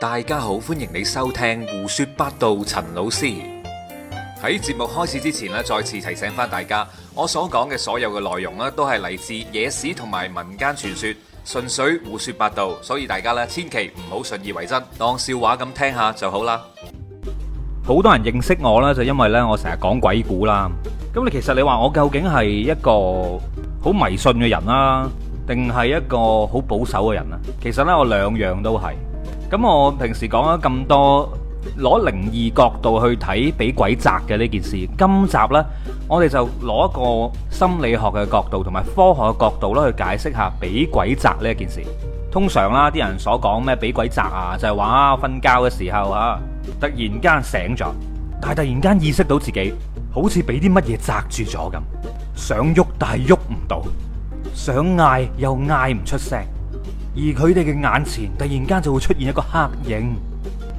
大家好，歡迎你收聽胡說八道。陳老師，喺節目開始之前呢，再次提醒翻大家，我所講嘅所有嘅內容呢，都係嚟自野史同埋民間傳說，純粹胡說八道，所以大家呢千祈唔好信以為真，當笑話咁聽下就好啦。好多人認識我呢，就因為呢我成日講鬼故啦。咁你其實你話我究竟係一個好迷信嘅人啊，定係一個好保守嘅人啊？其實呢，我兩樣都係。咁我平時講咗咁多攞靈異角度去睇俾鬼砸嘅呢件事，今集呢，我哋就攞一個心理學嘅角度同埋科學嘅角度啦去解釋下俾鬼砸呢件事。通常啦，啲人所講咩俾鬼砸啊，就係話啊瞓覺嘅時候啊，突然間醒咗，但係突然間意識到自己好似俾啲乜嘢砸住咗咁，想喐但係喐唔到，想嗌，又嗌唔出聲。而佢哋嘅眼前突然間就會出現一個黑影，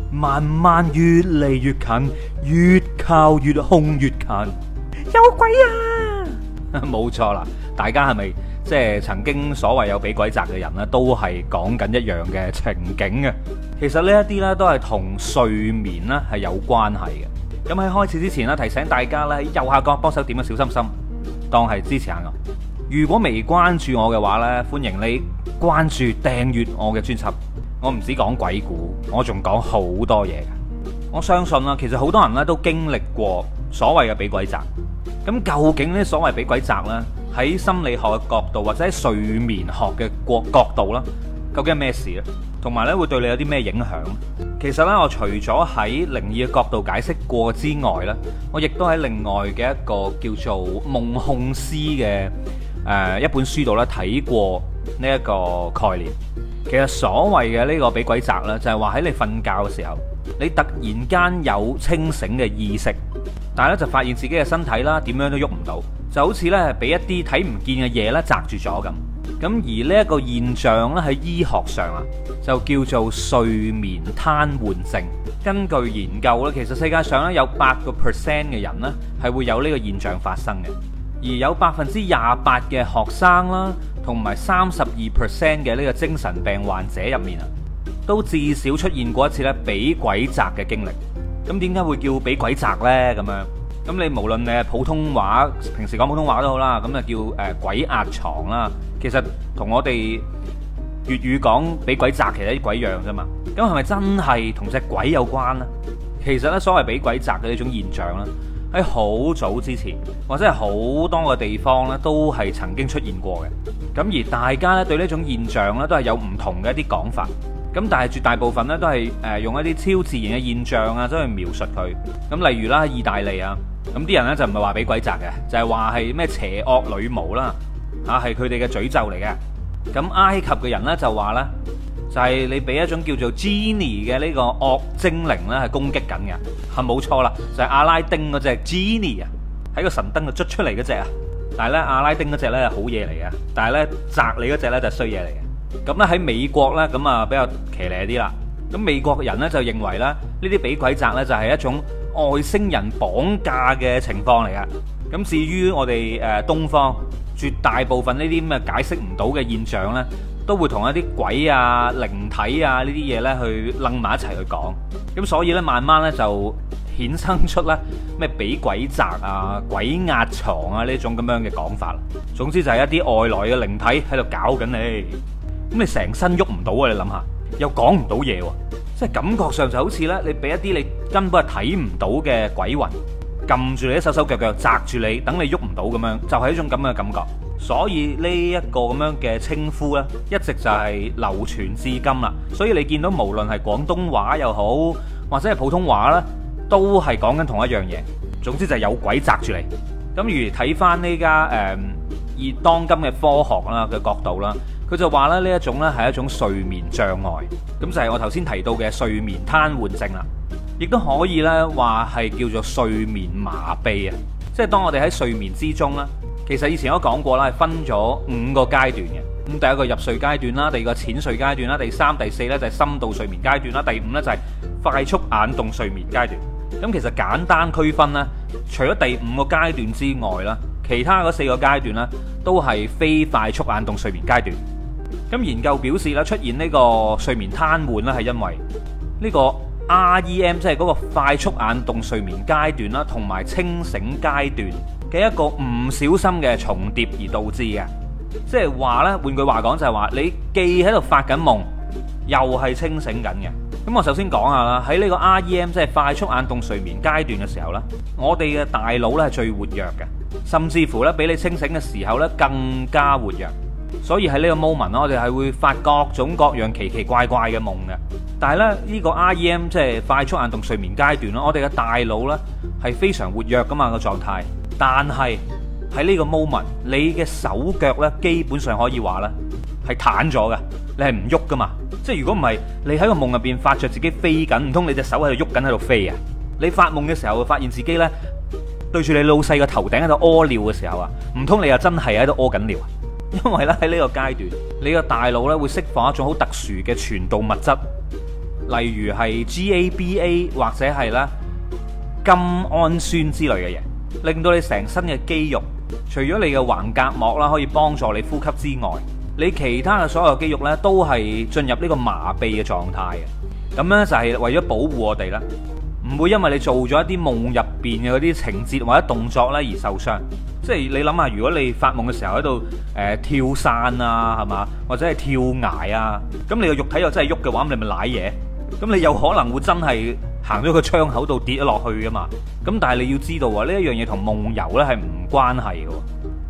慢慢越嚟越近，越靠越空越近。有鬼啊！冇錯啦，大家係咪即係曾經所謂有俾鬼砸嘅人咧，都係講緊一樣嘅情景嘅？其實呢一啲咧都係同睡眠咧係有關係嘅。咁喺開始之前咧，提醒大家咧喺右下角幫手點個小心心，當係支持下我。如果未關注我嘅話呢，歡迎你關注訂閱我嘅專輯。我唔止講鬼故，我仲講好多嘢。我相信啦，其實好多人咧都經歷過所謂嘅俾鬼砸。咁究竟呢，所謂俾鬼砸呢，喺心理學嘅角度或者喺睡眠學嘅角角度啦，究竟係咩事呢？同埋呢，會對你有啲咩影響？其實呢，我除咗喺靈異嘅角度解釋過之外呢，我亦都喺另外嘅一個叫做夢控師嘅。誒、呃，一本書度咧睇過呢一個概念，其實所謂嘅呢個俾鬼砸呢就係話喺你瞓覺嘅時候，你突然間有清醒嘅意識，但係咧就發現自己嘅身體啦，點樣都喐唔到，就好似呢係俾一啲睇唔見嘅嘢呢砸住咗咁。咁而呢一個現象呢，喺醫學上啊，就叫做睡眠癱瘓症。根據研究呢，其實世界上咧有八個 percent 嘅人呢係會有呢個現象發生嘅。而有百分之廿八嘅學生啦，同埋三十二 percent 嘅呢個精神病患者入面啊，都至少出現過一次咧，俾鬼砸嘅經歷。咁點解會叫俾鬼砸呢？咁樣咁你無論你普通話，平時講普通話都好啦，咁啊叫誒鬼壓床啦。其實同我哋粵語講俾鬼砸，其實啲鬼樣啫嘛。咁係咪真係同隻鬼有關咧？其實咧，所謂俾鬼砸嘅呢種現象咧。喺好早之前，或者係好多個地方都係曾經出現過嘅。咁而大家咧對呢種現象都係有唔同嘅一啲講法。咁但係絕大部分都係用一啲超自然嘅現象啊，都去描述佢。咁例如啦，喺意大利啊，咁啲人呢就唔係話俾鬼砸嘅，就係話係咩邪惡女巫啦，嚇係佢哋嘅詛咒嚟嘅。咁埃及嘅人呢，就話呢就係你俾一種叫做 Genie 嘅呢個惡精靈咧，係攻擊緊嘅，係冇錯啦，就係、是、阿拉丁嗰隻 Genie 啊，喺個神燈度捉出嚟嗰隻啊。但係咧，阿拉丁嗰隻咧係好嘢嚟嘅，但係咧砸你嗰隻咧就衰嘢嚟嘅。咁咧喺美國咧咁啊比較騎呢啲啦。咁美國人咧就認為咧呢啲俾鬼砸咧就係、是、一種外星人綁架嘅情況嚟嘅。咁至於我哋誒、呃、東方，絕大部分呢啲咁嘅解釋唔到嘅現象咧。都會同一啲鬼啊、靈體啊呢啲嘢呢去楞埋一齊去講，咁所以呢慢慢呢就衍生出呢咩俾鬼砸啊、鬼壓床啊呢種咁樣嘅講法啦。總之就係一啲外來嘅靈體喺度搞緊你，咁你成身喐唔到啊！你諗下，又講唔到嘢喎，即係感覺上就好似呢你俾一啲你根本係睇唔到嘅鬼魂撳住你手手腳腳，砸住你，等你喐唔到咁樣，就係一種咁嘅感覺。所以呢一個咁樣嘅稱呼呢一直就係流傳至今啦。所以你見到無論係廣東話又好，或者係普通話呢都係講緊同一樣嘢。總之就係有鬼砸住你。咁如睇翻呢家誒以當今嘅科學啦嘅角度啦，佢就話咧呢一種呢係一種睡眠障礙，咁就係我頭先提到嘅睡眠癱瘓症啦，亦都可以呢話係叫做睡眠麻痹啊，即係當我哋喺睡眠之中呢。其實以前我都講過啦，係分咗五個階段嘅。咁第一個入睡階段啦，第二個淺睡階段啦，第三、第四呢就係深度睡眠階段啦，第五呢就係快速眼動睡眠階段。咁其實簡單區分咧，除咗第五個階段之外啦，其他嗰四個階段咧都係非快速眼動睡眠階段。咁研究表示啦，出現呢個睡眠癱瘓啦，係因為呢個。R E M 即係嗰個快速眼動睡眠階段啦，同埋清醒階段嘅一個唔小心嘅重疊而導致嘅，即係話呢，換句話講就係話你既喺度發緊夢，又係清醒緊嘅。咁我首先講下啦，喺呢個 R E M 即係快速眼動睡眠階段嘅時候呢，我哋嘅大腦呢係最活躍嘅，甚至乎呢，比你清醒嘅時候呢，更加活躍。所以喺呢個 moment 我哋係會發各種各樣奇奇怪怪嘅夢嘅。但係咧呢個 R E M 即係快速眼動睡眠階段咯，我哋嘅大腦呢係非常活躍噶嘛個狀態。但係喺呢個 moment，你嘅手腳呢基本上可以話呢係癱咗嘅，你係唔喐噶嘛？即係如果唔係你喺個夢入邊發着自己飛緊，唔通你隻手喺度喐緊喺度飛啊？你發夢嘅時候會發現自己呢對住你老細個頭頂喺度屙尿嘅時候啊，唔通你又真係喺度屙緊尿？因為咧喺呢個階段，你個大腦呢會釋放一種好特殊嘅傳導物質，例如係 GABA 或者係咧甘氨酸之類嘅嘢，令到你成身嘅肌肉，除咗你嘅橫隔膜啦可以幫助你呼吸之外，你其他嘅所有肌肉呢都係進入呢個麻痹嘅狀態嘅，咁咧就係為咗保護我哋啦。唔會因為你做咗一啲夢入面嘅嗰啲情節或者動作咧而受傷，即係你諗下，如果你發夢嘅時候喺度、呃、跳傘啊，係嘛，或者係跳崖啊，咁你個肉體又真係喐嘅話，咁你咪舐嘢，咁你有可能會真係行咗個窗口度跌咗落去㗎嘛，咁但係你要知道啊，呢一樣嘢同夢遊呢係唔關係喎。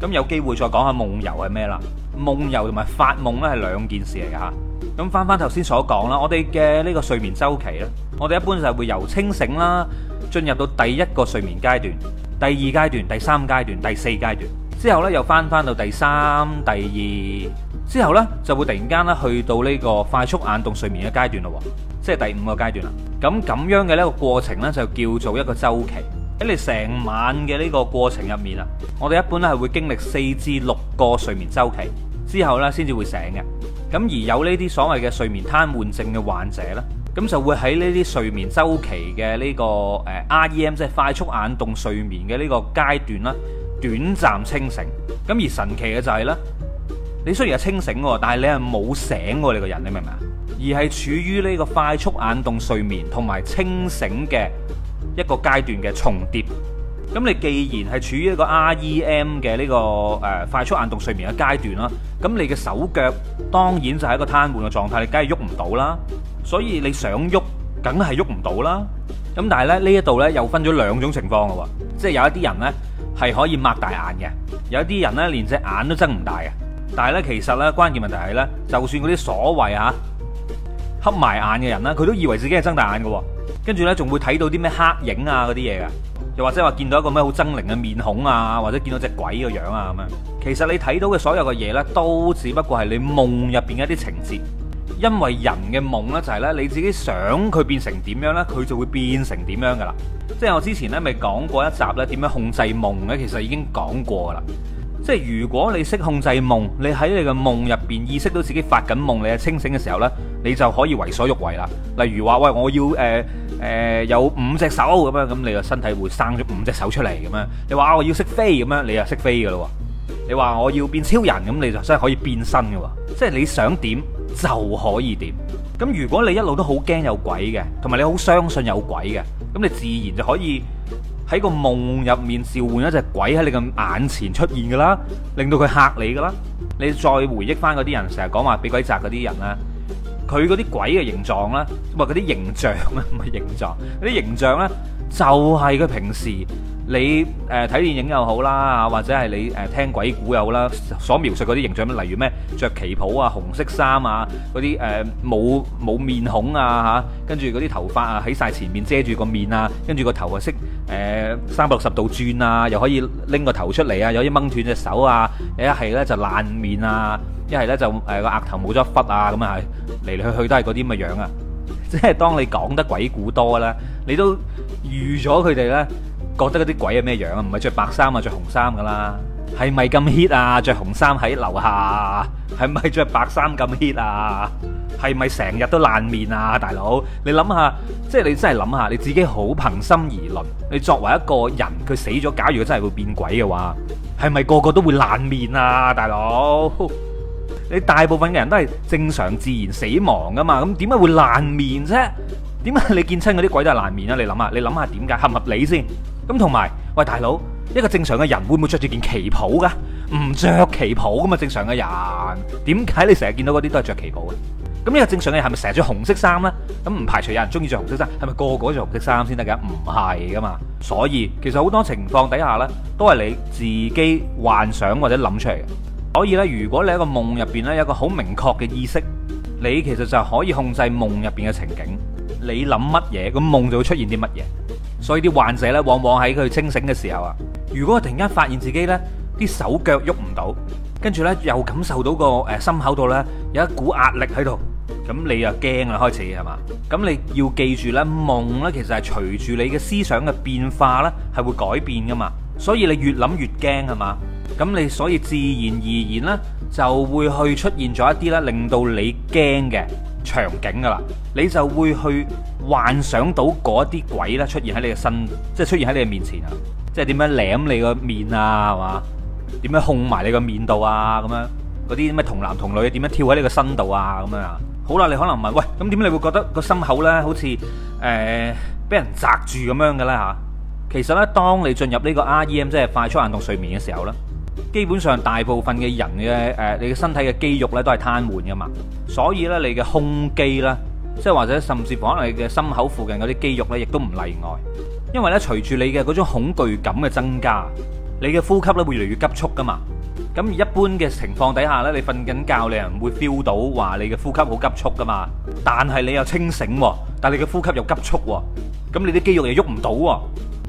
咁有機會再講下夢遊係咩啦？夢遊同埋發夢呢係兩件事嚟㗎。咁翻翻頭先所講啦，我哋嘅呢個睡眠周期呢，我哋一般就係會由清醒啦，進入到第一個睡眠階段，第二階段、第三階段、第四階段，之後呢又翻翻到第三、第二，之後呢就會突然間呢去到呢個快速眼動睡眠嘅階段咯，即係第五個階段啦。咁咁樣嘅呢個過程呢，就叫做一個周期。喺你成晚嘅呢個過程入面啊，我哋一般呢係會經歷四至六個睡眠周期，之後呢先至會醒嘅。咁而有呢啲所謂嘅睡眠癱瘓症嘅患者呢，咁就會喺呢啲睡眠周期嘅呢個 REM，即係快速眼動睡眠嘅呢個階段啦，短暫清醒。咁而神奇嘅就係呢，你雖然係清醒喎，但係你係冇醒喎，你個人，你明唔明啊？而係處於呢個快速眼動睡眠同埋清醒嘅一個階段嘅重疊。咁你既然係處於一個 REM 嘅呢個誒、呃、快速眼動睡眠嘅階段啦，咁你嘅手腳當然就係一個癱瘓嘅狀態，你梗係喐唔到啦。所以你想喐，梗係喐唔到啦。咁但係咧呢一度呢，又分咗兩種情況嘅喎，即係有一啲人呢係可以擘大眼嘅，有一啲人呢連隻眼都睜唔大嘅。但係呢，其實呢關鍵問題係呢，就算嗰啲所謂啊瞌埋眼嘅人呢，佢都以為自己係睜大眼嘅，跟住呢，仲會睇到啲咩黑影啊嗰啲嘢嘅。又或者話見到一個咩好猙獰嘅面孔啊，或者見到隻鬼個樣啊咁樣，其實你睇到嘅所有嘅嘢呢，都只不過係你夢入邊一啲情節，因為人嘅夢呢，就係呢你自己想佢變成點樣呢，佢就會變成點樣噶啦。即係我之前呢咪講過一集呢點樣控制夢呢，其實已經講過啦。即係如果你識控制夢，你喺你嘅夢入邊意識到自己發緊夢，你喺清醒嘅時候呢。你就可以為所欲為啦。例如話，喂，我要誒、呃呃、有五隻手咁樣，咁你就身體會生咗五隻手出嚟咁樣。你話我要識飛咁樣，你就識飛㗎咯。你話我要變超人咁，你就真係可以變身㗎喎。即係你想點就可以點。咁如果你一路都好驚有鬼嘅，同埋你好相信有鬼嘅，咁你自然就可以喺個夢入面召喚一隻鬼喺你嘅眼前出現噶啦，令到佢嚇你噶啦。你再回憶翻嗰啲人成日講話俾鬼砸嗰啲人啦。佢嗰啲鬼嘅形狀啦，唔係嗰啲形象啊，唔係形狀，嗰啲形象咧就係佢平時你誒睇電影又好啦，啊或者係你誒聽鬼故又好啦，所描述嗰啲形象，例如咩著旗袍啊、紅色衫啊，嗰啲誒冇冇面孔啊嚇，跟住嗰啲頭髮啊喺曬前面遮住個面啊，跟住個頭又識誒三百六十度轉啊，又可以拎個頭出嚟啊，有啲掹斷隻手啊，一係咧就爛面啊。一係咧就誒個額頭冇咗一忽啊咁啊係嚟嚟去去都係嗰啲咁嘅樣啊！即係當你講得鬼故多啦，你都預咗佢哋咧，覺得嗰啲鬼係咩樣啊？唔係着白衫啊，着紅衫㗎啦，係咪咁 hit 啊？着紅衫喺樓下，係咪着白衫咁 hit 啊？係咪成日都爛面啊，大佬？你諗下，即係你真係諗下，你自己好憑心而論，你作為一個人，佢死咗，假如佢真係會變鬼嘅話，係咪個個都會爛面啊，大佬？你大部分嘅人都係正常自然死亡噶嘛，咁點解會爛面啫？點解你見親嗰啲鬼都係爛面啊？你諗下，你諗下點解合唔合理先？咁同埋，喂，大佬，一個正常嘅人會唔會着住件旗袍噶？唔着旗袍噶嘛，正常嘅人點解你成日見到嗰啲都係着旗袍嘅？咁呢個正常嘅人係咪成日着紅色衫咧？咁唔排除有人中意着紅色衫，係咪個個着紅色衫先得噶？唔係噶嘛，所以其實好多情況底下咧，都係你自己幻想或者諗出嚟嘅。所以咧，如果你喺個夢入邊咧有一個好明確嘅意識，你其實就係可以控制夢入邊嘅情景。你諗乜嘢，咁夢就會出現啲乜嘢。所以啲患者咧，往往喺佢清醒嘅時候啊，如果突然間發現自己咧啲手腳喐唔到，跟住咧又感受到個誒心口度咧有一股壓力喺度，咁你就驚啦，開始係嘛？咁你要記住咧，夢咧其實係隨住你嘅思想嘅變化咧係會改變噶嘛。所以你越諗越驚係嘛？咁你所以自然而然呢就會去出現咗一啲呢令到你驚嘅場景噶啦，你就會去幻想到嗰啲鬼呢出現喺你嘅身，即係出現喺你嘅面前啊，即係點樣舐你個面啊，係嘛？點樣控埋你個面度啊？咁樣嗰啲咩同男同女點樣跳喺你個身度啊？咁樣啊，好啦，你可能問喂，咁點你會覺得個心口呢好似誒俾人擸住咁樣嘅咧嚇？其實呢，當你進入呢個 R E M 即係快速眼動睡眠嘅時候呢。基本上大部分嘅人嘅誒，你嘅身體嘅肌肉呢都係癱瘓噶嘛，所以呢，你嘅胸肌啦，即係或者甚至乎可能你嘅心口附近嗰啲肌肉呢，亦都唔例外，因為呢，隨住你嘅嗰種恐懼感嘅增加，你嘅呼吸呢會越嚟越急促噶嘛。咁一般嘅情況底下呢，你瞓緊覺，你又唔會 feel 到話你嘅呼吸好急促噶嘛。但係你又清醒喎，但係你嘅呼吸又急促喎。咁你啲肌肉又喐唔到喎。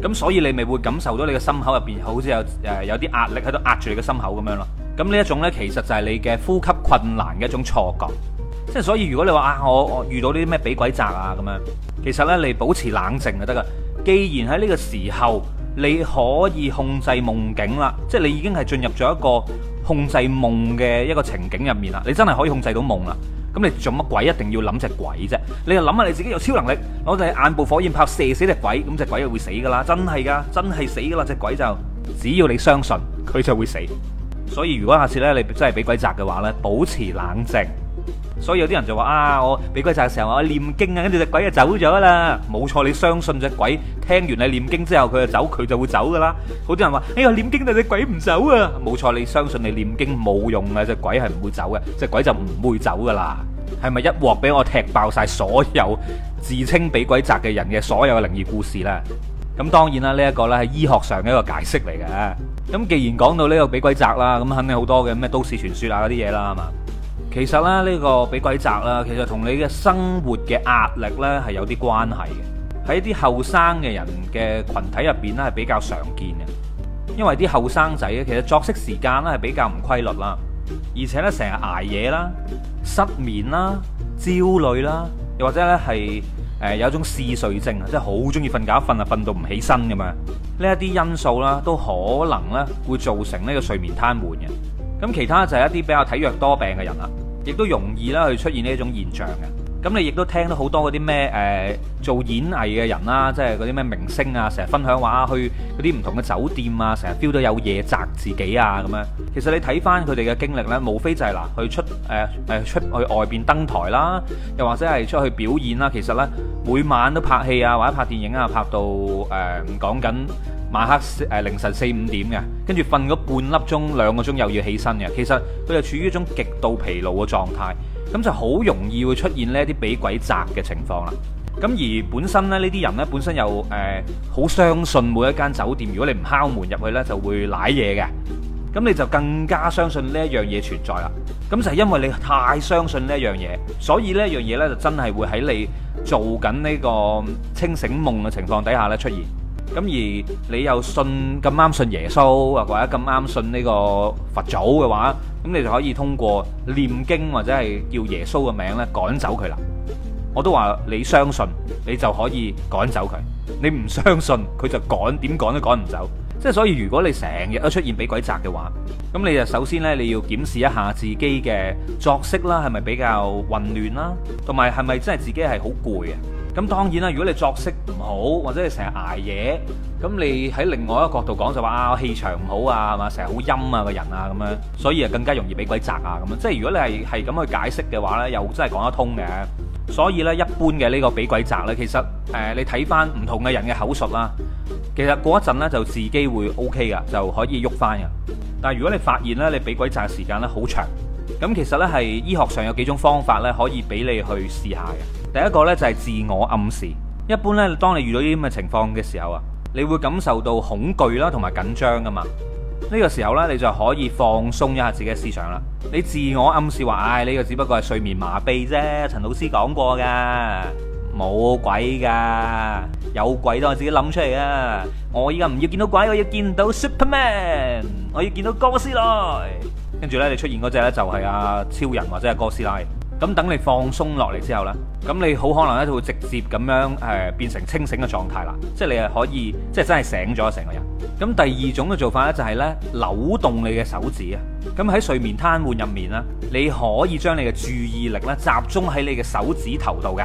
咁所以你咪會感受到你嘅心口入邊好似有有啲壓力喺度壓住你嘅心口咁樣咯。咁呢一種呢，其實就係你嘅呼吸困難嘅一種錯覺。即係所以，如果你話啊，我我遇到啲咩俾鬼砸啊咁樣，其實呢，你保持冷靜就得噶。既然喺呢個時候。你可以控制夢境啦，即係你已經係進入咗一個控制夢嘅一個情景入面啦，你真係可以控制到夢啦。咁你做乜鬼一定要諗隻鬼啫？你又諗下你自己有超能力，我就係眼部火焰炮射死隻鬼，咁隻鬼就會死噶啦，真係噶，真係死噶啦隻鬼就，只要你相信佢就會死。所以如果下次呢，你真係俾鬼砸嘅話呢，保持冷靜。所以有啲人就話啊，我俾鬼砸嘅時候，我念經啊，跟住隻鬼就走咗啦。冇錯，你相信隻鬼，聽完你念經之後佢就走，佢就會走噶啦。好多人話，哎呀，念經但係隻鬼唔走啊。冇錯，你相信你念經冇用啊，隻鬼係唔會走嘅，隻鬼就唔會走噶啦。係咪一鑊俾我踢爆晒所有自稱俾鬼砸嘅人嘅所有嘅靈異故事啦？咁當然啦，呢一個呢係醫學上嘅一個解釋嚟嘅。咁既然講到呢個俾鬼砸啦，咁肯定好多嘅咩都市傳說啊嗰啲嘢啦，係嘛？其實咧呢個俾鬼砸啦，其實同你嘅生活嘅壓力呢係有啲關係嘅，喺啲後生嘅人嘅群體入邊呢，係比較常見嘅，因為啲後生仔其實作息時間咧係比較唔規律啦，而且呢成日挨夜啦、失眠啦、焦慮啦，又或者呢係誒有種嗜睡症啊，即係好中意瞓覺瞓啊，瞓到唔起身咁樣，呢一啲因素啦都可能呢會造成呢個睡眠癱瘓嘅。咁其他就係一啲比較體弱多病嘅人啦，亦都容易啦去出現呢一種現象嘅。咁你亦都聽到好多嗰啲咩誒做演藝嘅人啦、啊，即係嗰啲咩明星啊，成日分享話去嗰啲唔同嘅酒店啊，成日 feel 到有嘢砸自己啊咁樣。其實你睇翻佢哋嘅經歷呢，無非就係嗱，去出、呃、出、呃、出去外邊登台啦，又或者係出去表演啦。其實呢，每晚都拍戲啊，或者拍電影啊，拍到誒講緊晚黑、呃、凌晨四五點嘅，跟住瞓咗半粒鐘兩個鐘又要起身嘅。其實佢就處於一種極度疲勞嘅狀態。咁就好容易會出現呢啲俾鬼砸嘅情況啦。咁而本身咧呢啲人呢，本身又誒好相信每一間酒店，如果你唔敲門入去呢，就會舐嘢嘅。咁你就更加相信呢一樣嘢存在啦。咁就係因為你太相信呢一樣嘢，所以呢一樣嘢呢，就真係會喺你做緊呢個清醒夢嘅情況底下呢出現。咁而你又信咁啱信耶穌，或者咁啱信呢個佛祖嘅話，咁你就可以通過唸經或者係叫耶穌嘅名咧趕走佢啦。我都話你相信，你就可以趕走佢；你唔相信，佢就趕點趕都趕唔走。即係所以，如果你成日都出現俾鬼砸嘅話，咁你就首先呢，你要檢視一下自己嘅作息啦，係咪比較混亂啦，同埋係咪真係自己係好攰啊？咁當然啦，如果你作息唔好，或者你成日捱夜，咁你喺另外一個角度講就話啊，我氣場唔好啊，係嘛，成日好陰啊個人啊咁樣，所以啊更加容易俾鬼砸啊咁樣。即係如果你係係咁去解釋嘅話呢，又真係講得通嘅。所以呢，一般嘅呢個俾鬼砸呢，其實誒你睇翻唔同嘅人嘅口述啦。其實過一陣咧就自己會 OK 噶就可以喐翻噶。但係如果你發現咧你俾鬼砸時間咧好長，咁其實呢，係醫學上有幾種方法呢可以俾你去試下嘅。第一個呢，就係自我暗示。一般呢，當你遇到呢啲咁嘅情況嘅時候啊，你會感受到恐懼啦同埋緊張噶嘛。呢個時候呢，你就可以放鬆一下自己嘅思想啦。你自我暗示話，唉，呢個只不過係睡眠麻痹啫。陳老師講過噶。冇鬼噶，有鬼都係自己諗出嚟啊。我依家唔要見到鬼，我要見到 Superman，我要見到哥斯拉。跟住呢，你出現嗰隻呢，就係啊超人或者係哥斯拉。咁等你放鬆落嚟之後呢，咁你好可能咧就會直接咁樣誒變成清醒嘅狀態啦，即係你係可以即係真係醒咗成個人。咁第二種嘅做法呢，就係呢扭動你嘅手指啊。咁喺睡眠癱瘓入面呢，你可以將你嘅注意力呢集中喺你嘅手指頭度嘅。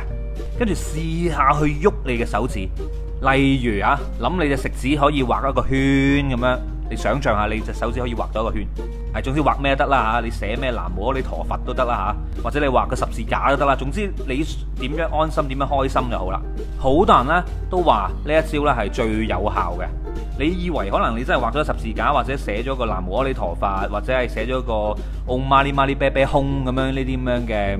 跟住試下去喐你嘅手指，例如啊，諗你隻食指可以畫一個圈咁樣，你想象一下你隻手指可以畫到一個圈。係，總之畫咩得啦嚇，你寫咩南無阿彌陀佛都得啦嚇，或者你畫個十字架都得啦。總之你點樣安心，點樣開心就好啦。好多人呢都話呢一招呢係最有效嘅。你以為可能你真係畫咗十字架，或者寫咗個南無阿彌陀佛，或者係寫咗個哦媽咪媽咪啤啤空咁樣呢啲咁樣嘅。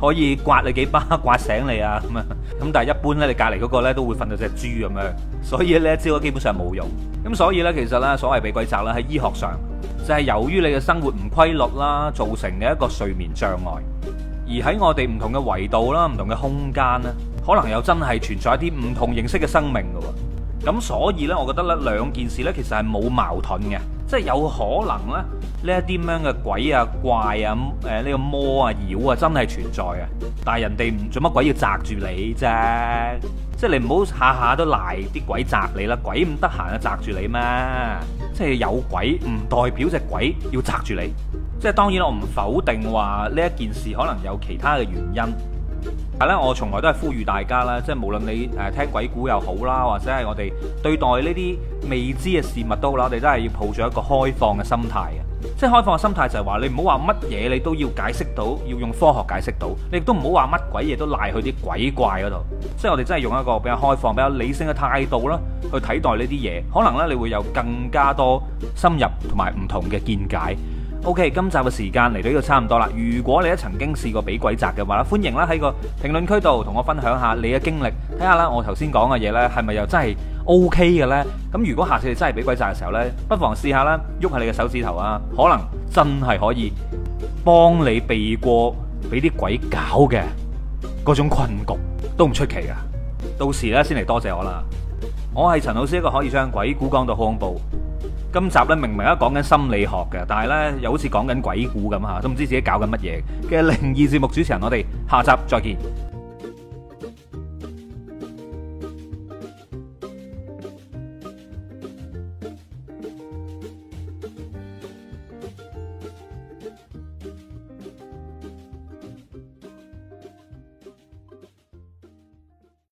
可以刮你幾巴，刮醒你啊，咁咁，但係一般呢，你隔離嗰個呢都會瞓到隻豬咁樣，所以呢招基本上冇用。咁所以呢，其實呢所謂俾鬼砸啦，喺醫學上就係、是、由於你嘅生活唔規律啦，造成嘅一個睡眠障礙。而喺我哋唔同嘅維度啦、唔同嘅空間啦，可能又真係存在一啲唔同形式嘅生命嘅喎。咁所以呢，我覺得呢兩件事呢，其實係冇矛盾嘅。即係有可能咧，呢一啲咁樣嘅鬼啊、怪啊、呢、呃這個魔啊、妖啊，真係存在呀，但係人哋唔做乜鬼要砸住你啫，即係你唔好下下都賴啲鬼砸你啦。鬼唔得閒啊砸住你咩？即係有鬼唔代表隻鬼要砸住你。即係當然我唔否定話呢一件事可能有其他嘅原因。係咧，我從來都係呼籲大家啦，即係無論你誒聽鬼故又好啦，或者係我哋對待呢啲未知嘅事物都啦，我哋都係要抱住一個開放嘅心態嘅。即係開放嘅心態就係話，你唔好話乜嘢你都要解釋到，要用科學解釋到，你亦都唔好話乜鬼嘢都賴去啲鬼怪嗰度。即係我哋真係用一個比較開放、比較理性嘅態度啦，去睇待呢啲嘢，可能呢，你會有更加多深入同埋唔同嘅見解。OK，今集嘅時間嚟到呢度差唔多啦。如果你咧曾經試過俾鬼砸嘅話啦，歡迎啦喺個評論區度同我分享下你嘅經歷，睇下啦我頭先講嘅嘢呢係咪又真係 OK 嘅呢？咁如果下次你真係俾鬼砸嘅時候呢，不妨試下啦，喐下你嘅手指頭啊，可能真係可以幫你避過俾啲鬼搞嘅嗰種困局都唔出奇啊，到時呢先嚟多謝我啦，我係陳老師一個可以將鬼故講到恐怖。今集咧，明明都講緊心理學嘅，但係呢又好似講緊鬼故咁嚇，都唔知自己搞緊乜嘢嘅靈異節目主持人，我哋下集再見。